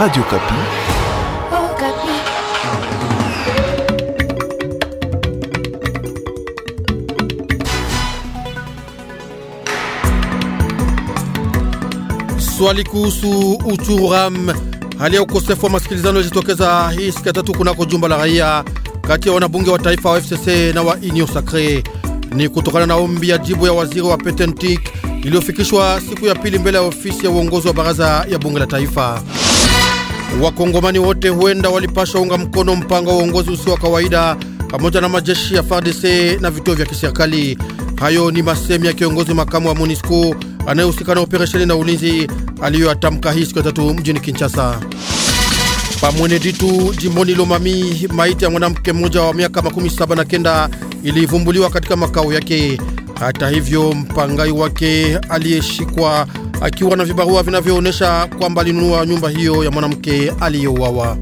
Radio Kapi. Oh, Kapi. Swali kuhusu uchuram, hali ya ukosefu wa masikilizano yajitokeza hii siku ya tatu kunako jumba la raia kati ya wanabunge wa taifa wa FCC na wa Union Sacree. Ni kutokana na ombi ya jibu ya waziri wa Patentik iliyofikishwa siku ya pili mbele ya ofisi ya uongozi wa baraza ya bunge la taifa. Wakongomani wote huenda walipashwa unga mkono mpango wa uongozi usio wa kawaida pamoja na majeshi ya FARDC na vituo vya kiserikali. Hayo ni masemi ya kiongozi makamu wa MONUSCO anayehusika na operesheni na ulinzi aliyoyatamka hii siku ya tatu mjini Kinshasa. Pamwene Ditu jimboni Lomami, maiti ya mwanamke mmoja wa miaka makumi saba na kenda ilivumbuliwa katika makao yake. Hata hivyo, mpangai wake aliyeshikwa akiwa na vibarua vinavyoonyesha kwamba alinunua nyumba hiyo ya mwanamke aliyeuawa.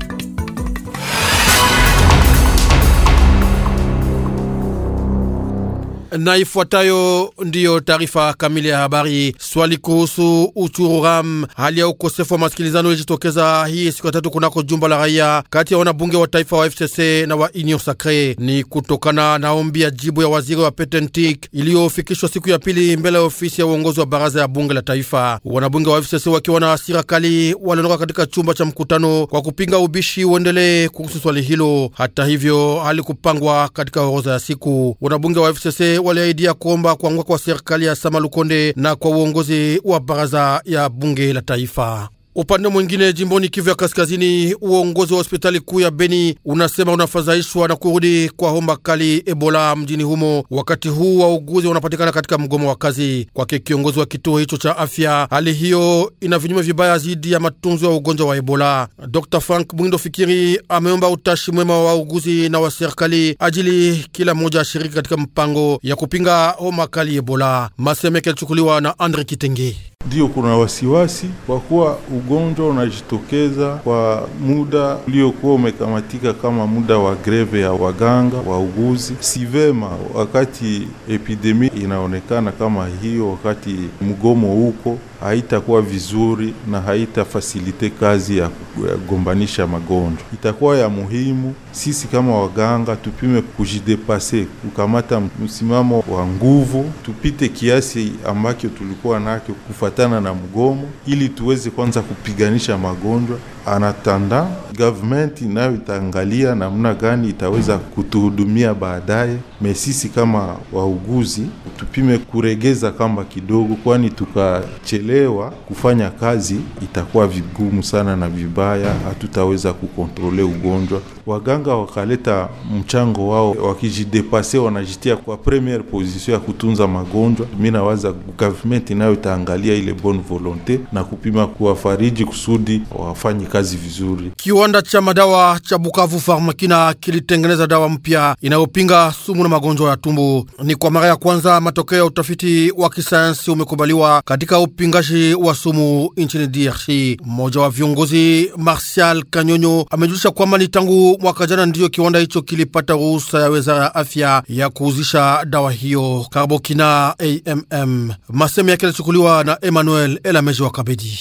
na ifuatayo ndiyo taarifa kamili ya habari. Swali kuhusu uchuru ram, hali ya ukosefu wa masikilizano ilijitokeza hii siku ya tatu kunako jumba la raia kati ya wanabunge wa taifa wa FCC na wa Union Sacre. Ni kutokana na ombi ya jibu ya waziri wa Petentik iliyofikishwa siku ya pili mbele ya ofisi ya uongozi wa baraza ya bunge la taifa. Wanabunge wa FCC wakiwa na hasira kali waliondoka katika chumba cha mkutano kwa kupinga ubishi uendelee kuhusu swali hilo. Hata hivyo, halikupangwa katika orodha ya siku. Wanabunge wa FCC waliahidia kuomba kuanguka kwa serikali ya Samalukonde na kwa uongozi wa baraza ya bunge la taifa. Upande mwingine jimboni Kivu ya Kaskazini, uongozi wa hospitali kuu ya Beni unasema unafadhaishwa na kurudi kwa homa kali Ebola mjini humo, wakati huu wauguzi wanapatikana katika mgomo wa kazi. Kwake kiongozi wa kituo hicho cha afya, hali hiyo ina vinyume vibaya zidi ya matunzo ya ugonjwa wa Ebola. Dr Frank Mwindo Fikiri ameomba utashi mwema wa wauguzi na wa serikali ajili kila mmoja ashiriki katika mpango ya kupinga homa kali Ebola. Masemeke alichukuliwa na Andre Kitenge ndio kuna wasiwasi kwa kuwa ugonjwa unajitokeza kwa muda uliokuwa umekamatika kama muda wa greve ya waganga wauguzi. Si vema wakati epidemia inaonekana kama hiyo, wakati mgomo huko haitakuwa vizuri na haitafasilite kazi ya kugombanisha magonjwa, itakuwa ya muhimu sisi kama waganga tupime kujidepase, kukamata msimamo wa nguvu, tupite kiasi ambacho tulikuwa nacho kufatana na mgomo, ili tuweze kwanza kupiganisha magonjwa anatanda government nayo itaangalia namna gani itaweza kutuhudumia baadaye. Mesisi kama wauguzi tupime kuregeza kamba kidogo, kwani tukachelewa kufanya kazi itakuwa vigumu sana na vibaya, hatutaweza kukontrole ugonjwa. Waganga wakaleta mchango wao, wakijidepase wanajitia kwa premier position ya kutunza magonjwa. Mi nawaza government nayo itaangalia ile bonne volonte na kupima kuwafariji kusudi wafanye kazi kazi vizuri. Kiwanda cha madawa cha Bukavu Farmakina kilitengeneza dawa mpya inayopinga sumu na magonjwa ya tumbo. Ni kwa mara ya kwanza matokeo ya utafiti wa kisayansi umekubaliwa katika upingaji wa sumu nchini DRC. Mmoja wa viongozi Martial Kanyonyo amejulisha kwamba ni tangu mwaka jana ndiyo kiwanda hicho kilipata ruhusa ya wizara ya afya ya kuuzisha dawa hiyo Carbokina AMM. Masemo yake yalichukuliwa na Emmanuel Elameji wa Kabedi.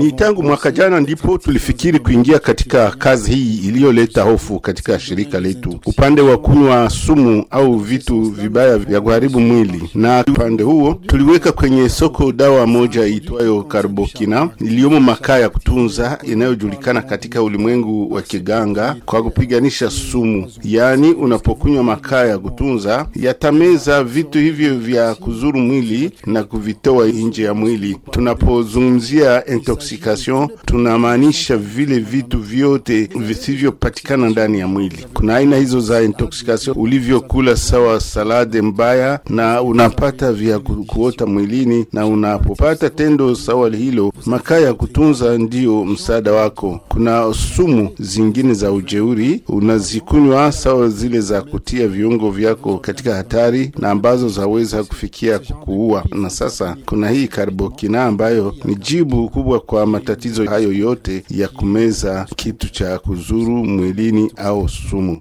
ni tangu mwaka jana ndipo tulifikiri kuingia katika kazi hii iliyoleta hofu katika shirika letu, upande wa kunywa sumu au vitu vibaya vya kuharibu mwili, na upande huo tuliweka kwenye soko dawa moja iitwayo Karbokina iliyomo makaa ya kutunza inayojulikana katika ulimwengu wa kiganga kwa kupiganisha sumu, yaani unapokunywa makaa ya kutunza yatameza vitu hivyo vya kuzuru mwili na kuvitoa nje ya mwili. Tunapozungumzia intoxication nutrition tunamaanisha vile vitu vyote visivyopatikana ndani ya mwili. Kuna aina hizo za intoxication ulivyokula sawa salade mbaya, na unapata vya kuota mwilini, na unapopata tendo sawa hilo, makaa ya kutunza ndiyo msaada wako. Kuna sumu zingine za ujeuri unazikunywa sawa zile za kutia viungo vyako katika hatari, na ambazo zaweza kufikia kukuua. Na sasa kuna hii karbokina ambayo ni jibu kubwa kwa matatizo matatizo hayo yote ya kumeza kitu cha kuzuru mwilini au sumu.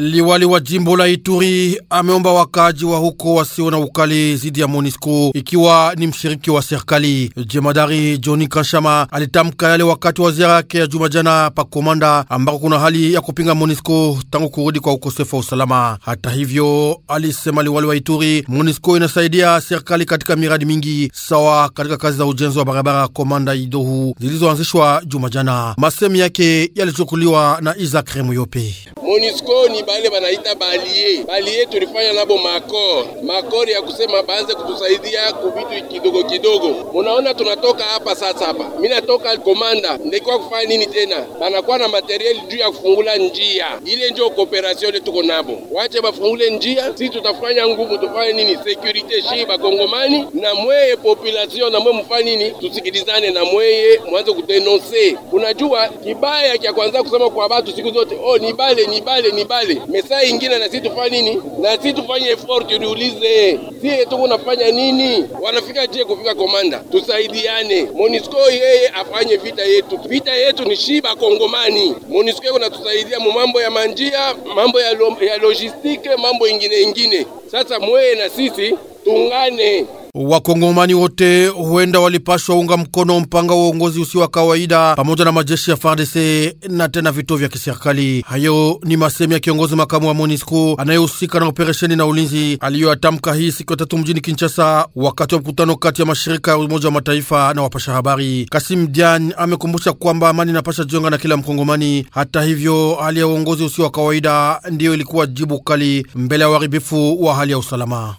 Liwali wa jimbo la Ituri ameomba wakaji wa huko wasio na ukali zidi ya Monisco ikiwa ni mshiriki wa serikali. Jemadari Johnny Kashama alitamka yale wakati wa ziara yake ya juma jana pa Komanda, ambako kuna hali ya kupinga Monisco tangu kurudi kwa ukosefu wa usalama. Hata hivyo, alisema liwali wa Ituri, Monisco inasaidia serikali katika miradi mingi sawa katika kazi za ujenzi wa barabara Komanda Idohu zilizoanzishwa juma jana. Masemi yake yalichukuliwa na Isaac Remuyope. Monisco ni bale banaita balie balie, tulifanya nabo makor makor ya kusema baanze kutusaidia kuvitu kidogo kidogo. Munaona tunatoka hapa sasa, hapa mimi natoka komanda, ndikuwa kufanya nini tena? Banakuwa na materiel juu ya kufungula njia ile, ndio cooperation tuko nabo, wache bafungule njia, si tutafanya nguvu, tufanye nini security shi bakongomani na mweye population na mweye mfanye nini, tusikilizane na mweye mwanze kudenonse. Unajua kibaya cha kwanza kusema kwa watu siku zote, oh ni bale ni bale ni bale kweli mesaa ingine, na sisi tufanye nini? Na sisi tufanye effort, tujiulize sie tuko unafanya nini? Wanafika je kufika komanda? Tusaidiane, Monisco yeye afanye vita yetu. Vita yetu ni shiba Kongomani. Monisco kunatusaidia mu mambo ya manjia, mambo ya, lo, ya logistike, mambo ingine ingine. Sasa mweye na sisi tungane. Wakongomani wote huenda walipashwa unga mkono mpanga wa uongozi usio wa kawaida pamoja na majeshi ya FARDC na tena vituo vya kiserikali. Hayo ni masemi ya kiongozi makamu wa MONUSCO anayehusika na operesheni na ulinzi aliyoyatamka hii siku ya tatu mjini Kinshasa, wakati wa mkutano kati ya mashirika ya Umoja wa Mataifa na wapasha habari. Kasim Dian amekumbusha kwamba amani inapasha jionga na kila Mkongomani. Hata hivyo, hali ya uongozi usio wa kawaida ndiyo ilikuwa jibu kali mbele ya uharibifu wa hali ya usalama.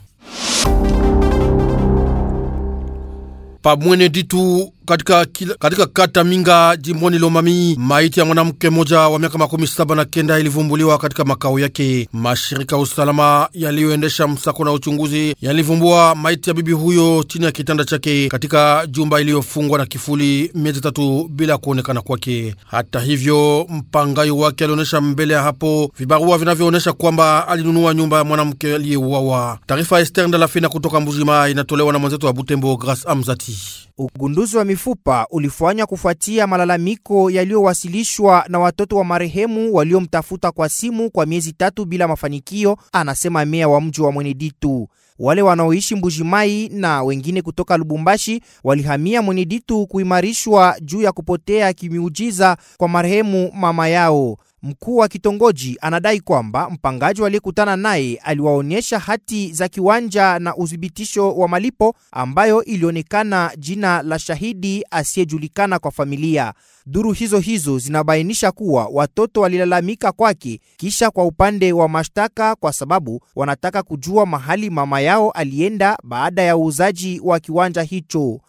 pas moins du tout katika, katika kata Minga jimboni Lomami. Maiti ya mwanamke mmoja wa miaka makumi saba na kenda ilivumbuliwa katika makao yake. Mashirika ya usalama yaliyoendesha msako na uchunguzi yalivumbua maiti ya bibi huyo chini ya kitanda chake katika jumba iliyofungwa na kifuli miezi tatu bila kuonekana kwake. Hata hivyo, mpangayo wake alionyesha mbele ya hapo vibarua vinavyoonyesha kwamba alinunua nyumba ya mwanamke aliyeuawa. Taarifa ya Ester Ndalafina kutoka Mbujimai inatolewa na mwenzetu wa Butembo, Grace Amzati. Ugunduzi wa mifupa ulifanywa kufuatia malalamiko yaliyowasilishwa na watoto wa marehemu waliomtafuta kwa simu kwa miezi tatu bila mafanikio, anasema meya wa mji wa Mweneditu. Wale wanaoishi Mbujimai na wengine kutoka Lubumbashi walihamia Mweneditu kuimarishwa juu ya kupotea kimiujiza kwa marehemu mama yao. Mkuu wa kitongoji anadai kwamba mpangaji waliyekutana naye aliwaonyesha hati za kiwanja na uthibitisho wa malipo ambayo ilionekana jina la shahidi asiyejulikana kwa familia. Duru hizo hizo zinabainisha kuwa watoto walilalamika kwake, kisha kwa upande wa mashtaka, kwa sababu wanataka kujua mahali mama yao alienda baada ya uuzaji wa kiwanja hicho.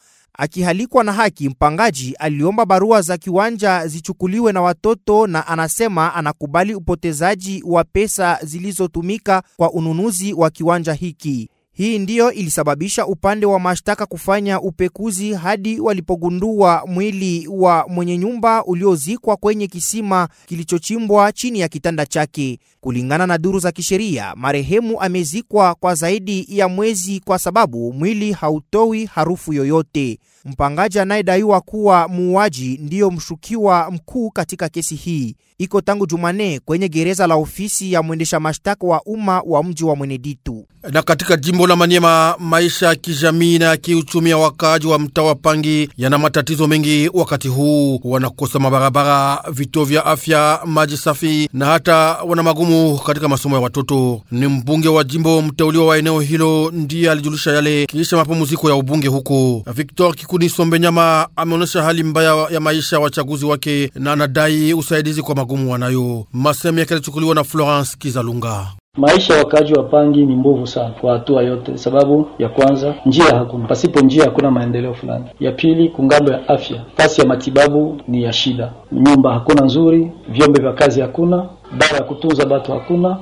Akihalikwa na haki, mpangaji aliomba barua za kiwanja zichukuliwe na watoto na anasema anakubali upotezaji wa pesa zilizotumika kwa ununuzi wa kiwanja hiki. Hii ndiyo ilisababisha upande wa mashtaka kufanya upekuzi hadi walipogundua mwili wa mwenye nyumba uliozikwa kwenye kisima kilichochimbwa chini ya kitanda chake. Kulingana na duru za kisheria, marehemu amezikwa kwa zaidi ya mwezi kwa sababu mwili hautoi harufu yoyote. Mpangaji anayedaiwa kuwa muuaji ndiyo mshukiwa mkuu katika kesi hii, iko tangu Jumane kwenye gereza la ofisi ya mwendesha mashtaka wa umma wa mji wa Mweneditu. Na katika jimbo la manyema maisha ya kijamii na ya kiuchumi ya wakaaji wa mtaa wa Pangi yana matatizo mengi. Wakati huu wanakosa mabarabara, vituo vya afya, maji safi na hata wana magumu katika masomo ya watoto. Ni mbunge wa jimbo mteuliwa wa eneo hilo ndiye alijulisha yale kisha mapumziko ya ubunge huko Victor Kikundi Sombe Nyama ameonyesha hali mbaya ya maisha ya wachaguzi wake na anadai usaidizi kwa magumu wanayo. Masemu yake alichukuliwa na Florence Kizalunga. Maisha ya wakaaji wa Pangi ni mbovu sana kwa hatua yote. Sababu ya kwanza, njia hakuna, pasipo njia hakuna maendeleo fulani. Ya pili, kungambo ya afya, fasi ya matibabu ni ya shida, nyumba hakuna nzuri, vyombe vya kazi hakuna dawa ya kutunza batu hakuna,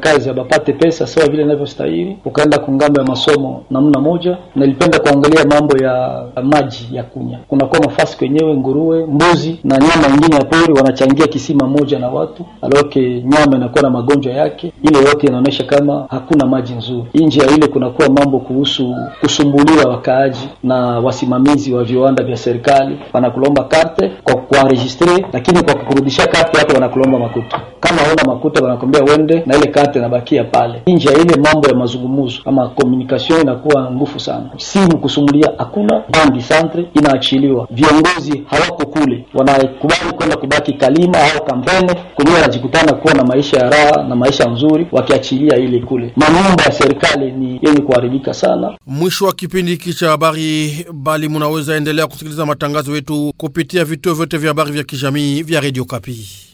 kazi abapate pesa sawa vile inavyostahili. Ukaenda kungambo ya masomo namna moja, nilipenda kuangalia mambo ya maji ya kunya, kunakuwa mafasi kwenyewe nguruwe, mbuzi na nyama ingine ya pori wanachangia kisima moja na watu aloke, nyama inakuwa na magonjwa yake. Ile yote inaonyesha kama hakuna maji nzuri. Nje ya ile kunakuwa mambo kuhusu kusumbuliwa wakaaji na wasimamizi wa viwanda vya serikali, wanakulomba karte kwa kuenregistre, lakini kwa kukurudisha karte watu wanakulomba makutu. Kama hauna makuta, wanakwambia uende na ile kate inabakia pale nje. Ya ile mambo ya mazungumuzo ama communication inakuwa ngufu sana, simu kusumulia hakuna bandi, centre inaachiliwa, viongozi hawako kule, wanakubali kwenda kubaki Kalima au Kampene kwenyewe, wanajikutana kuwa na maisha ya raha na maisha nzuri, wakiachilia ile kule. Manyumba ya serikali ni yenye kuharibika sana. Mwisho wa kipindi hiki cha habari, bali munaweza endelea kusikiliza matangazo yetu kupitia vituo vyote vya habari vya kijamii vya Radio Kapi.